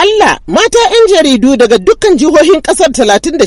sal mata 'yan jaridu daga dukkan jihohin kasar 36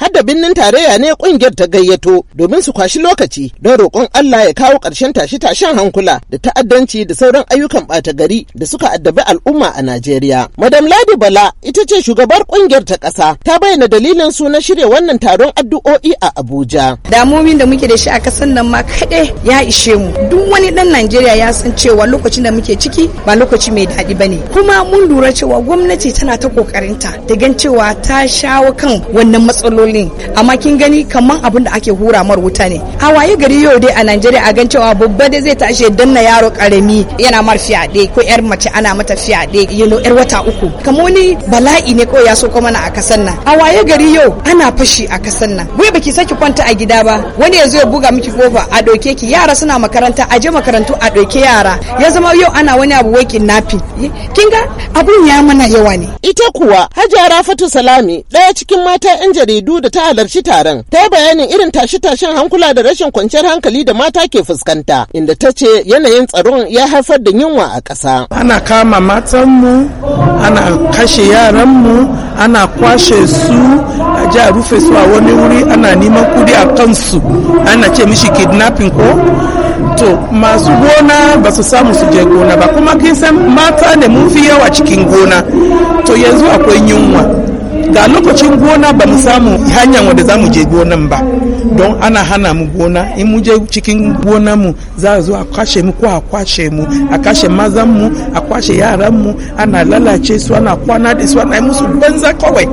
har da birnin tarayya ne kungiyar ta gayyato domin su kwashi lokaci don roƙon Allah ya kawo ƙarshen tashe-tashen hankula da ta'addanci da sauran ayyukan ɓata gari da suka addabi al'umma a Najeriya. Madam Ladi Bala ita ce shugabar kungiyar ta ƙasa ta bayyana dalilin su na shirya wannan taron addu'o'i a Abuja. Damomin da muke da shi a ƙasar nan ma kaɗai ya ishe mu. Duk wani ɗan Najeriya ya san cewa lokacin da muke ciki ba lokaci mai daɗi ba ne. Kuma mun lura cewa gwamnati ta. tana ta kokarinta ta gan cewa ta shawo kan wannan matsalolin amma kin gani kaman abin da ake hura mar wuta ne a waye gari yau dai a Najeriya a gan cewa babba dai zai tashi danna yaro karami yana mar fyaɗe ko yar mace ana mata fyaɗe yano yar wata uku kamar ni bala'i ne ko ya so kuma na a kasan nan a waye gari yau ana fashi a kasan nan wai baki saki kwanta a gida ba wani yazo ya buga miki kofa a doke ki yara suna makaranta a je makarantu a doke yara ya zama yau ana wani abu wai kidnapping nafi ga abun ya mana yawa ne Ita kuwa Hajiya Rafatu Salami ɗaya cikin mata 'yan jaridu da ta halarci taron ta yi bayanin irin tashe-tashen hankula da rashin kwanciyar hankali da mata ke fuskanta inda ta ce yanayin tsaron ya haifar da yunwa a ƙasa. Ana kama matanmu, ana kashe yaranmu, ana kwashe su a ji a rufe su a wani wuri ana neman kudi a kansu ana ce mishi kidnapping ko to masu gona ba su samu su je gona ba kuma kin mata ne mun fi yawa cikin gona to yanzu akwai yunwa ga lokacin gona ba mu samu hanyar wanda za mu je gonan ba don ana hana mu gona in mu je cikin gonan mu za a zo a kwashe mu ko a kwashe mu a kashe mazan mu a kwashe yaran mu ana lalace su ana kwana da su ana musu banza kawai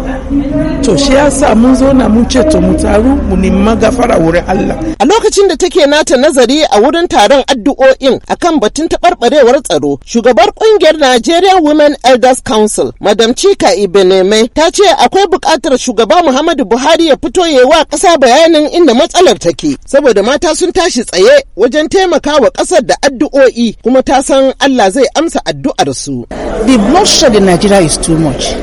to shi ya sa mun zo na mun ce to mu taru mu nima gafara wurin Allah a lokacin da take nata nazari a wurin taron addu'o'in akan batun taɓarɓarewar tsaro shugabar kungiyar Nigerian Women Elders Council madam Chika Ibeneme ta ce akwai buƙatar shugaba Muhammadu Buhari ya fito ya wa ƙasa bayanin inda matsalar take saboda mata sun tashi tsaye wajen taimaka wa ƙasar da addu'o'i kuma ta san Allah zai amsa addu'ar su. The bloodshed in Nigeria is too much.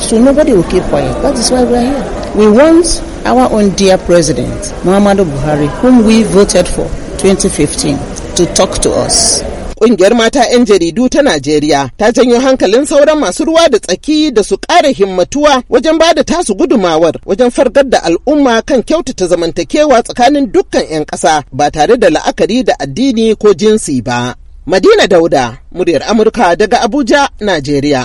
So nobody will keep quiet. That is why we are here. We want our own dear president, Muhammadu Buhari, whom we voted for 2015, to talk to us. Ƙungiyar mata 'yan jaridu ta Najeriya ta janyo hankalin sauran masu ruwa da tsaki da su ƙara himmatuwa wajen ba da tasu gudumawar wajen fargar da al'umma kan kyautata zamantakewa tsakanin dukkan 'yan ƙasa ba tare da la'akari da addini ko jinsi ba. Madina Dauda, muryar Amurka daga Abuja, Najeriya.